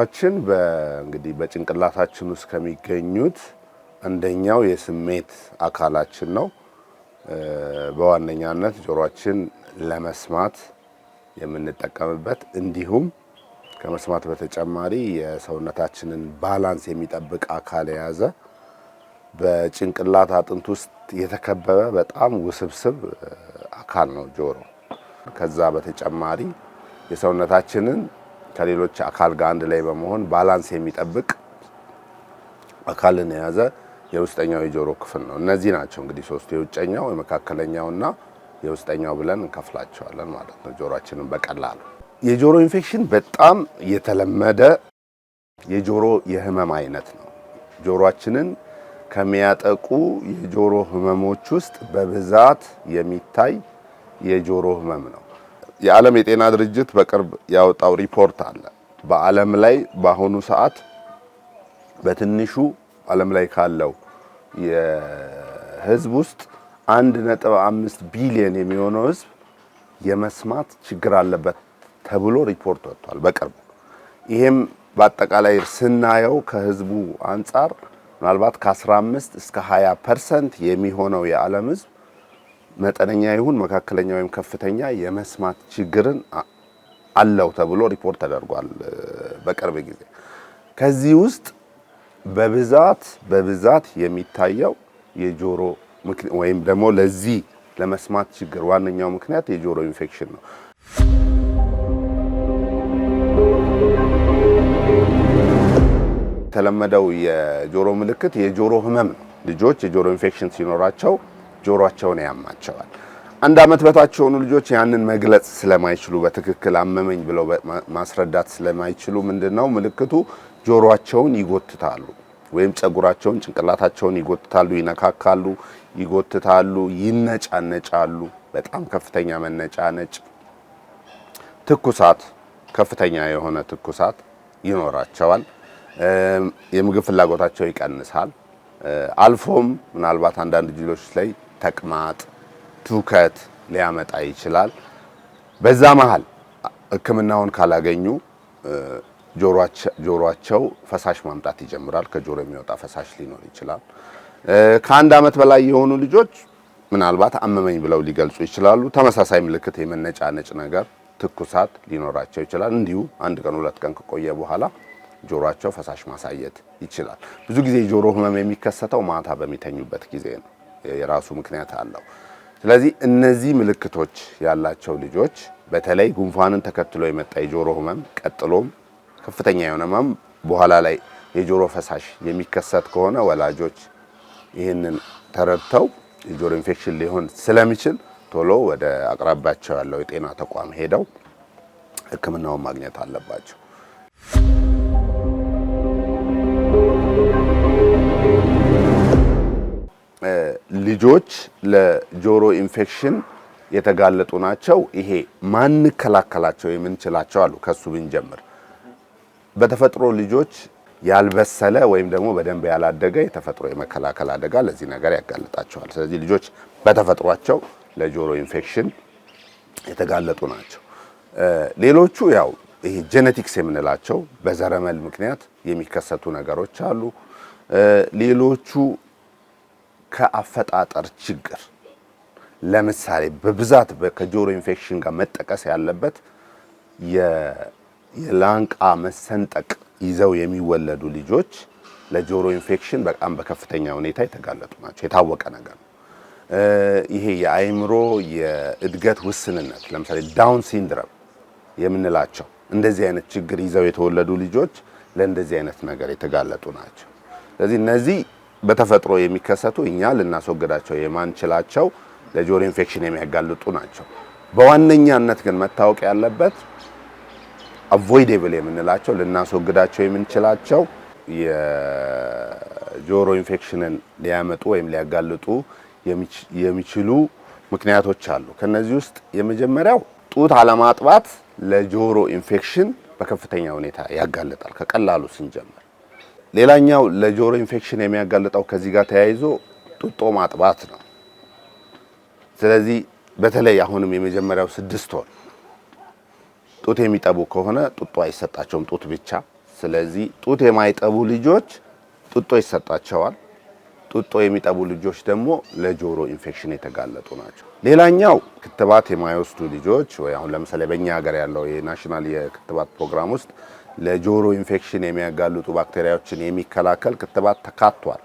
አእምሯችን እንግዲህ በጭንቅላታችን ውስጥ ከሚገኙት አንደኛው የስሜት አካላችን ነው። በዋነኛነት ጆሮአችን ለመስማት የምንጠቀምበት እንዲሁም ከመስማት በተጨማሪ የሰውነታችንን ባላንስ የሚጠብቅ አካል የያዘ በጭንቅላት አጥንት ውስጥ የተከበበ በጣም ውስብስብ አካል ነው ጆሮ። ከዛ በተጨማሪ የሰውነታችንን ከሌሎች አካል ጋር አንድ ላይ በመሆን ባላንስ የሚጠብቅ አካልን የያዘ የውስጠኛው የጆሮ ክፍል ነው። እነዚህ ናቸው እንግዲህ ሶስቱ የውጨኛው የመካከለኛውና የውስጠኛው ብለን እንከፍላቸዋለን ማለት ነው። ጆሮአችንን በቀላሉ የጆሮ ኢንፌክሽን በጣም የተለመደ የጆሮ የህመም አይነት ነው። ጆሮአችንን ከሚያጠቁ የጆሮ ህመሞች ውስጥ በብዛት የሚታይ የጆሮ ህመም ነው። የዓለም የጤና ድርጅት በቅርብ ያወጣው ሪፖርት አለ። በዓለም ላይ በአሁኑ ሰዓት በትንሹ ዓለም ላይ ካለው የህዝብ ውስጥ አንድ ነጥብ አምስት ቢሊዮን የሚሆነው ህዝብ የመስማት ችግር አለበት ተብሎ ሪፖርት ወጥቷል በቅርቡ። ይሄም በአጠቃላይ ስናየው ከህዝቡ አንጻር ምናልባት ከ15 እስከ 20 ፐርሰንት የሚሆነው የዓለም ህዝብ መጠነኛ ይሁን መካከለኛ ወይም ከፍተኛ የመስማት ችግርን አለው ተብሎ ሪፖርት ተደርጓል በቅርብ ጊዜ። ከዚህ ውስጥ በብዛት በብዛት የሚታየው የጆሮ ወይም ደግሞ ለዚህ ለመስማት ችግር ዋነኛው ምክንያት የጆሮ ኢንፌክሽን ነው። የተለመደው የጆሮ ምልክት የጆሮ ህመም ነው። ልጆች የጆሮ ኢንፌክሽን ሲኖራቸው ጆሮአቸውን ያማቸዋል። አንድ አመት በታች የሆኑ ልጆች ያንን መግለጽ ስለማይችሉ በትክክል አመመኝ ብለው ማስረዳት ስለማይችሉ ምንድነው ምልክቱ? ጆሮአቸውን ይጎትታሉ ወይም ጸጉራቸውን፣ ጭንቅላታቸውን ይጎትታሉ፣ ይነካካሉ፣ ይጎትታሉ፣ ይነጫነጫሉ። በጣም ከፍተኛ መነጫነጭ፣ ትኩሳት፣ ከፍተኛ የሆነ ትኩሳት ይኖራቸዋል። የምግብ ፍላጎታቸው ይቀንሳል። አልፎም ምናልባት አንዳንድ ልጆች ላይ ተቅማጥ፣ ትውከት ሊያመጣ ይችላል። በዛ መሀል ህክምናውን ካላገኙ ጆሮቸው ፈሳሽ ማምጣት ይጀምራል። ከጆሮ የሚወጣ ፈሳሽ ሊኖር ይችላል። ከአንድ ዓመት በላይ የሆኑ ልጆች ምናልባት አመመኝ ብለው ሊገልጹ ይችላሉ። ተመሳሳይ ምልክት የመነጫነጭ ነገር፣ ትኩሳት ሊኖራቸው ይችላል። እንዲሁ አንድ ቀን ሁለት ቀን ከቆየ በኋላ ጆሮቸው ፈሳሽ ማሳየት ይችላል። ብዙ ጊዜ የጆሮ ህመም የሚከሰተው ማታ በሚተኙበት ጊዜ ነው። የራሱ ምክንያት አለው። ስለዚህ እነዚህ ምልክቶች ያላቸው ልጆች በተለይ ጉንፋንን ተከትሎ የመጣ የጆሮ ህመም፣ ቀጥሎም ከፍተኛ የሆነ ህመም፣ በኋላ ላይ የጆሮ ፈሳሽ የሚከሰት ከሆነ ወላጆች ይህንን ተረድተው የጆሮ ኢንፌክሽን ሊሆን ስለሚችል ቶሎ ወደ አቅራቢያቸው ያለው የጤና ተቋም ሄደው ህክምናውን ማግኘት አለባቸው። ልጆች ለጆሮ ኢንፌክሽን የተጋለጡ ናቸው። ይሄ ማንከላከላቸው የምንችላቸው አሉ። ከሱ ብንጀምር በተፈጥሮ ልጆች ያልበሰለ ወይም ደግሞ በደንብ ያላደገ የተፈጥሮ የመከላከል አደጋ ለዚህ ነገር ያጋልጣቸዋል። ስለዚህ ልጆች በተፈጥሯቸው ለጆሮ ኢንፌክሽን የተጋለጡ ናቸው። ሌሎቹ ያው ይሄ ጄኔቲክስ የምንላቸው በዘረመል ምክንያት የሚከሰቱ ነገሮች አሉ። ሌሎቹ ከአፈጣጠር ችግር ለምሳሌ በብዛት ከጆሮ ኢንፌክሽን ጋር መጠቀስ ያለበት የላንቃ መሰንጠቅ ይዘው የሚወለዱ ልጆች ለጆሮ ኢንፌክሽን በጣም በከፍተኛ ሁኔታ የተጋለጡ ናቸው። የታወቀ ነገር ነው። ይሄ የአይምሮ የእድገት ውስንነት ለምሳሌ ዳውን ሲንድረም የምንላቸው እንደዚህ አይነት ችግር ይዘው የተወለዱ ልጆች ለእንደዚህ አይነት ነገር የተጋለጡ ናቸው። ስለዚህ እነዚህ በተፈጥሮ የሚከሰቱ እኛ ልናስወግዳቸው የማንችላቸው ለጆሮ ኢንፌክሽን የሚያጋልጡ ናቸው። በዋነኛነት ግን መታወቅ ያለበት አቮይዴብል የምንላቸው ልናስወግዳቸው የምንችላቸው የጆሮ ኢንፌክሽንን ሊያመጡ ወይም ሊያጋልጡ የሚችሉ ምክንያቶች አሉ። ከነዚህ ውስጥ የመጀመሪያው ጡት አለማጥባት ለጆሮ ኢንፌክሽን በከፍተኛ ሁኔታ ያጋልጣል። ከቀላሉ ስንጀምር ሌላኛው ለጆሮ ኢንፌክሽን የሚያጋልጠው ከዚህ ጋር ተያይዞ ጡጦ ማጥባት ነው። ስለዚህ በተለይ አሁንም የመጀመሪያው ስድስት ወር ጡት የሚጠቡ ከሆነ ጡጦ አይሰጣቸውም፣ ጡት ብቻ። ስለዚህ ጡት የማይጠቡ ልጆች ጡጦ ይሰጣቸዋል። ጡጦ የሚጠቡ ልጆች ደግሞ ለጆሮ ኢንፌክሽን የተጋለጡ ናቸው። ሌላኛው ክትባት የማይወስዱ ልጆች ወይ አሁን ለምሳሌ በእኛ ሀገር ያለው የናሽናል የክትባት ፕሮግራም ውስጥ ለጆሮ ኢንፌክሽን የሚያጋልጡ ባክቴሪያዎችን የሚከላከል ክትባት ተካቷል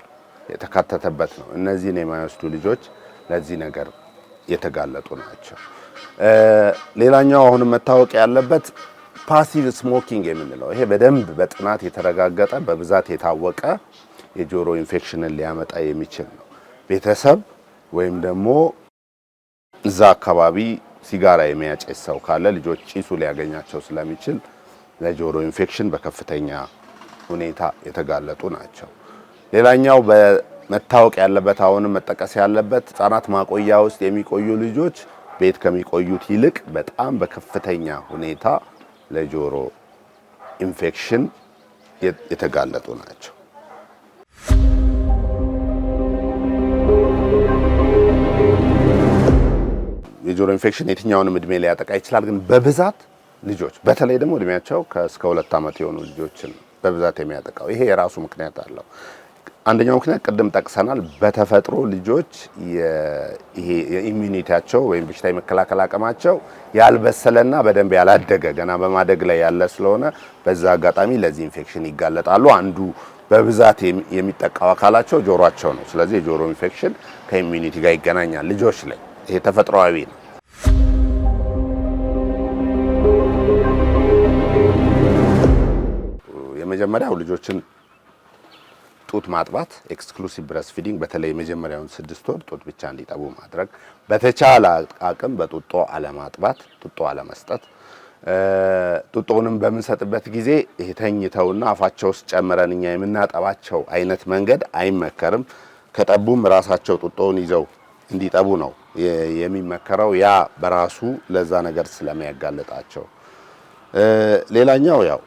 የተካተተበት ነው። እነዚህን የማይወስዱ ልጆች ለዚህ ነገር የተጋለጡ ናቸው። ሌላኛው አሁንም መታወቅ ያለበት ፓሲቭ ስሞኪንግ የምንለው ይሄ በደንብ በጥናት የተረጋገጠ በብዛት የታወቀ የጆሮ ኢንፌክሽንን ሊያመጣ የሚችል ነው። ቤተሰብ ወይም ደግሞ እዛ አካባቢ ሲጋራ የሚያጨስ ሰው ካለ ልጆች ጭሱ ሊያገኛቸው ስለሚችል ለጆሮ ኢንፌክሽን በከፍተኛ ሁኔታ የተጋለጡ ናቸው። ሌላኛው በመታወቅ ያለበት አሁንም መጠቀስ ያለበት ህጻናት ማቆያ ውስጥ የሚቆዩ ልጆች ቤት ከሚቆዩት ይልቅ በጣም በከፍተኛ ሁኔታ ለጆሮ ኢንፌክሽን የተጋለጡ ናቸው። የጆሮ ኢንፌክሽን የትኛውንም እድሜ ሊያጠቃ ይችላል፣ ግን በብዛት ልጆች በተለይ ደግሞ እድሜያቸው እስከ ሁለት ዓመት የሆኑ ልጆችን በብዛት የሚያጠቃው ይሄ የራሱ ምክንያት አለው። አንደኛው ምክንያት ቅድም ጠቅሰናል። በተፈጥሮ ልጆች የኢሚኒቲያቸው ወይም በሽታ የመከላከል አቅማቸው ያልበሰለና በደንብ ያላደገ ገና በማደግ ላይ ያለ ስለሆነ በዛ አጋጣሚ ለዚህ ኢንፌክሽን ይጋለጣሉ። አንዱ በብዛት የሚጠቃው አካላቸው ጆሯቸው ነው። ስለዚህ የጆሮ ኢንፌክሽን ከኢሚኒቲ ጋር ይገናኛል ልጆች ላይ። ይሄ ተፈጥሯዊ ነው። የመጀመሪያው ልጆችን ጡት ማጥባት ኤክስክሉሲቭ ብረስ ፊዲንግ፣ በተለይ የመጀመሪያውን ስድስት ወር ጡት ብቻ እንዲጠቡ ማድረግ፣ በተቻለ አቅም በጡጦ አለማጥባት፣ ጡጦ አለመስጠት። ጡጦውንም በምንሰጥበት ጊዜ ተኝተውና አፋቸው ውስጥ ጨምረን እኛ የምናጠባቸው አይነት መንገድ አይመከርም። ከጠቡም ራሳቸው ጡጦውን ይዘው እንዲጠቡ ነው የሚመከረው። ያ በራሱ ለዛ ነገር ስለሚያጋልጣቸው ሌላኛው ያው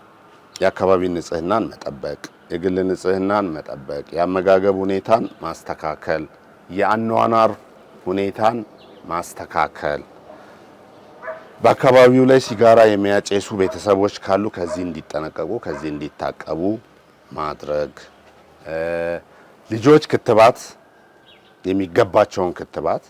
የአካባቢ ንጽህናን መጠበቅ፣ የግል ንጽህናን መጠበቅ፣ የአመጋገብ ሁኔታን ማስተካከል፣ የአኗኗር ሁኔታን ማስተካከል፣ በአካባቢው ላይ ሲጋራ የሚያጨሱ ቤተሰቦች ካሉ ከዚህ እንዲጠነቀቁ ከዚህ እንዲታቀቡ ማድረግ፣ ልጆች ክትባት የሚገባቸውን ክትባት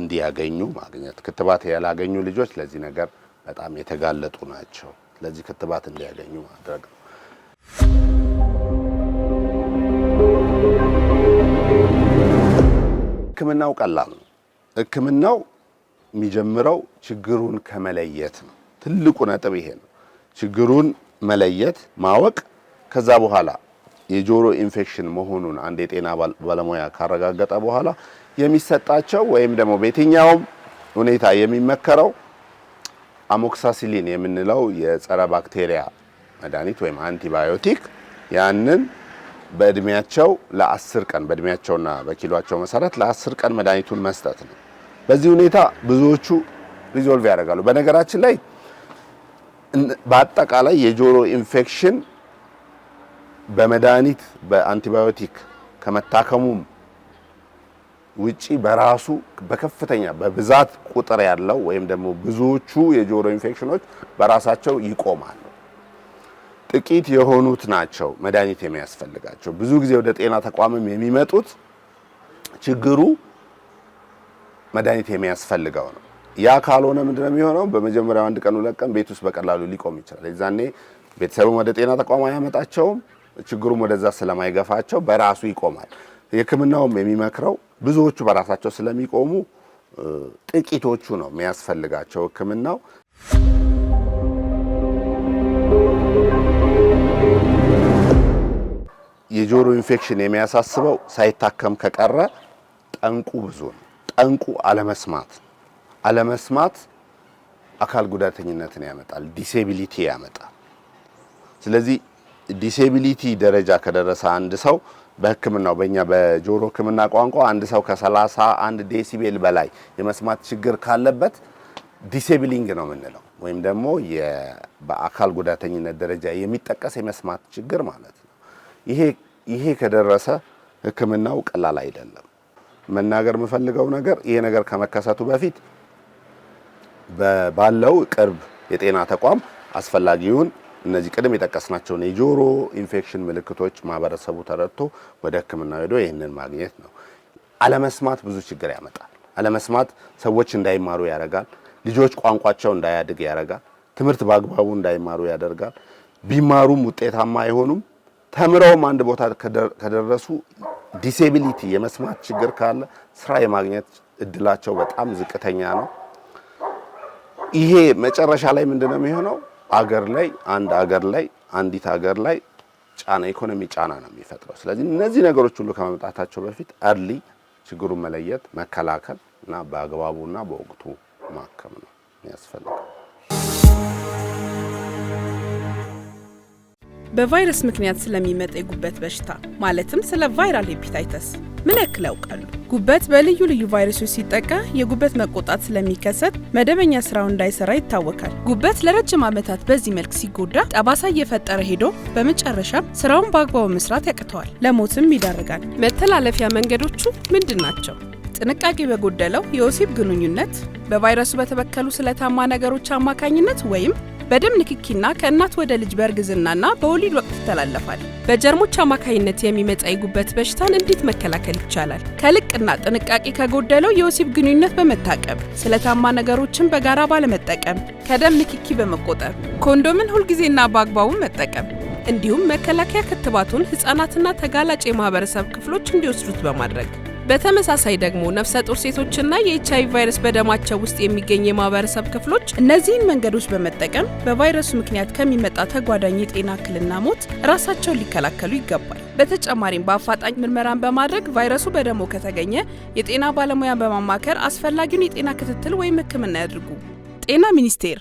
እንዲያገኙ ማግኘት። ክትባት ያላገኙ ልጆች ለዚህ ነገር በጣም የተጋለጡ ናቸው። ለዚህ ክትባት እንዲያገኙ ማድረግ ነው። ህክምናው ቀላል ነው። ህክምናው የሚጀምረው ችግሩን ከመለየት ነው። ትልቁ ነጥብ ይሄ ነው። ችግሩን መለየት ማወቅ፣ ከዛ በኋላ የጆሮ ኢንፌክሽን መሆኑን አንድ የጤና ባለሙያ ካረጋገጠ በኋላ የሚሰጣቸው ወይም ደግሞ በየትኛውም ሁኔታ የሚመከረው አሞክሳሲሊን የምንለው የጸረ ባክቴሪያ መድኃኒት ወይም አንቲባዮቲክ ያንን በእድሜያቸው ለአስር ቀን በእድሜያቸውና በኪሏቸው መሰረት ለአስር ቀን መድኃኒቱን መስጠት ነው። በዚህ ሁኔታ ብዙዎቹ ሪዞልቭ ያደርጋሉ። በነገራችን ላይ በአጠቃላይ የጆሮ ኢንፌክሽን በመድኃኒት በአንቲባዮቲክ ከመታከሙም ውጪ በራሱ በከፍተኛ በብዛት ቁጥር ያለው ወይም ደግሞ ብዙዎቹ የጆሮ ኢንፌክሽኖች በራሳቸው ይቆማሉ። ጥቂት የሆኑት ናቸው መድኃኒት የሚያስፈልጋቸው። ብዙ ጊዜ ወደ ጤና ተቋምም የሚመጡት ችግሩ መድኃኒት የሚያስፈልገው ነው። ያ ካልሆነ ምንድነው የሚሆነው? በመጀመሪያው አንድ ቀን ሁለት ቀን ቤት ውስጥ በቀላሉ ሊቆም ይችላል። የዛኔ ቤተሰብም ወደ ጤና ተቋም አያመጣቸውም። ችግሩም ወደዛ ስለማይገፋቸው በራሱ ይቆማል። የሕክምናውም የሚመክረው ብዙዎቹ በራሳቸው ስለሚቆሙ ጥቂቶቹ ነው የሚያስፈልጋቸው ህክምናው የጆሮ ኢንፌክሽን የሚያሳስበው ሳይታከም ከቀረ ጠንቁ ብዙ ነው። ጠንቁ አለመስማት፣ አለመስማት አካል ጉዳተኝነትን ያመጣል፣ ዲሴቢሊቲ ያመጣል። ስለዚህ ዲሴቢሊቲ ደረጃ ከደረሰ አንድ ሰው በህክምናው በእኛ በጆሮ ህክምና ቋንቋ አንድ ሰው ከ31 ዴሲቤል በላይ የመስማት ችግር ካለበት ዲሴብሊንግ ነው የምንለው ወይም ደግሞ በአካል ጉዳተኝነት ደረጃ የሚጠቀስ የመስማት ችግር ማለት ነው። ይሄ ከደረሰ ህክምናው ቀላል አይደለም። መናገር የምፈልገው ነገር ይሄ ነገር ከመከሰቱ በፊት ባለው ቅርብ የጤና ተቋም አስፈላጊውን እነዚህ ቅድም የጠቀስናቸውን የጆሮ ኢንፌክሽን ምልክቶች ማህበረሰቡ ተረድቶ ወደ ሕክምና ሄዶ ይህንን ማግኘት ነው። አለመስማት ብዙ ችግር ያመጣል። አለመስማት ሰዎች እንዳይማሩ ያደርጋል። ልጆች ቋንቋቸው እንዳያድግ ያደርጋል። ትምህርት በአግባቡ እንዳይማሩ ያደርጋል። ቢማሩም ውጤታማ አይሆኑም። ተምረውም አንድ ቦታ ከደረሱ ዲሴቢሊቲ የመስማት ችግር ካለ ስራ የማግኘት እድላቸው በጣም ዝቅተኛ ነው። ይሄ መጨረሻ ላይ ምንድነው የሚሆነው? አገር ላይ አንድ አገር ላይ አንዲት አገር ላይ ጫና ኢኮኖሚ ጫና ነው የሚፈጥረው። ስለዚህ እነዚህ ነገሮች ሁሉ ከመምጣታቸው በፊት አርሊ ችግሩን መለየት መከላከል እና በአግባቡ እና በወቅቱ ማከም ነው የሚያስፈልገው። በቫይረስ ምክንያት ስለሚመጣ የጉበት በሽታ ማለትም ስለ ቫይራል ሄፒታይተስ ምን ያክል ያውቃሉ? ጉበት በልዩ ልዩ ቫይረሶች ሲጠቃ የጉበት መቆጣት ስለሚከሰት መደበኛ ስራው እንዳይሰራ ይታወቃል። ጉበት ለረጅም ዓመታት በዚህ መልክ ሲጎዳ ጠባሳ እየፈጠረ ሄዶ በመጨረሻም ስራውን በአግባቡ መስራት ያቅተዋል፣ ለሞትም ይዳርጋል። መተላለፊያ መንገዶቹ ምንድን ናቸው? ጥንቃቄ በጎደለው የወሲብ ግንኙነት፣ በቫይረሱ በተበከሉ ስለታማ ነገሮች አማካኝነት ወይም በደም ንክኪና ከእናት ወደ ልጅ በእርግዝናና በወሊድ ወቅት ይተላለፋል። በጀርሞች አማካይነት የሚመጣ የጉበት በሽታን እንዴት መከላከል ይቻላል? ከልቅና ጥንቃቄ ከጎደለው የወሲብ ግንኙነት በመታቀብ ስለታማ ነገሮችን በጋራ ባለመጠቀም ከደም ንክኪ በመቆጠብ ኮንዶምን ሁልጊዜና በአግባቡ መጠቀም እንዲሁም መከላከያ ክትባቱን ህጻናትና ተጋላጭ የማህበረሰብ ክፍሎች እንዲወስዱት በማድረግ በተመሳሳይ ደግሞ ነፍሰ ጡር ሴቶችና የኤች አይቪ ቫይረስ በደማቸው ውስጥ የሚገኝ የማህበረሰብ ክፍሎች እነዚህን መንገዶች በመጠቀም በቫይረሱ ምክንያት ከሚመጣ ተጓዳኝ የጤና እክልና ሞት ራሳቸውን ሊከላከሉ ይገባል። በተጨማሪም በአፋጣኝ ምርመራን በማድረግ ቫይረሱ በደሞ ከተገኘ የጤና ባለሙያን በማማከር አስፈላጊውን የጤና ክትትል ወይም ሕክምና ያድርጉ። ጤና ሚኒስቴር